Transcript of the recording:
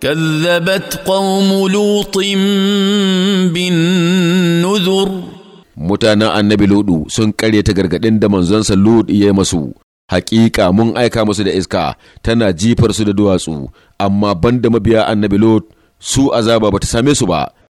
كذبت قوم mutanen annabi ludu sun ta gargaɗin da manzonsa lud ya masu haƙiƙa mun aika musu da iska tana jifar su da duwatsu amma banda mabiya annabi lud su azaba bata same su ba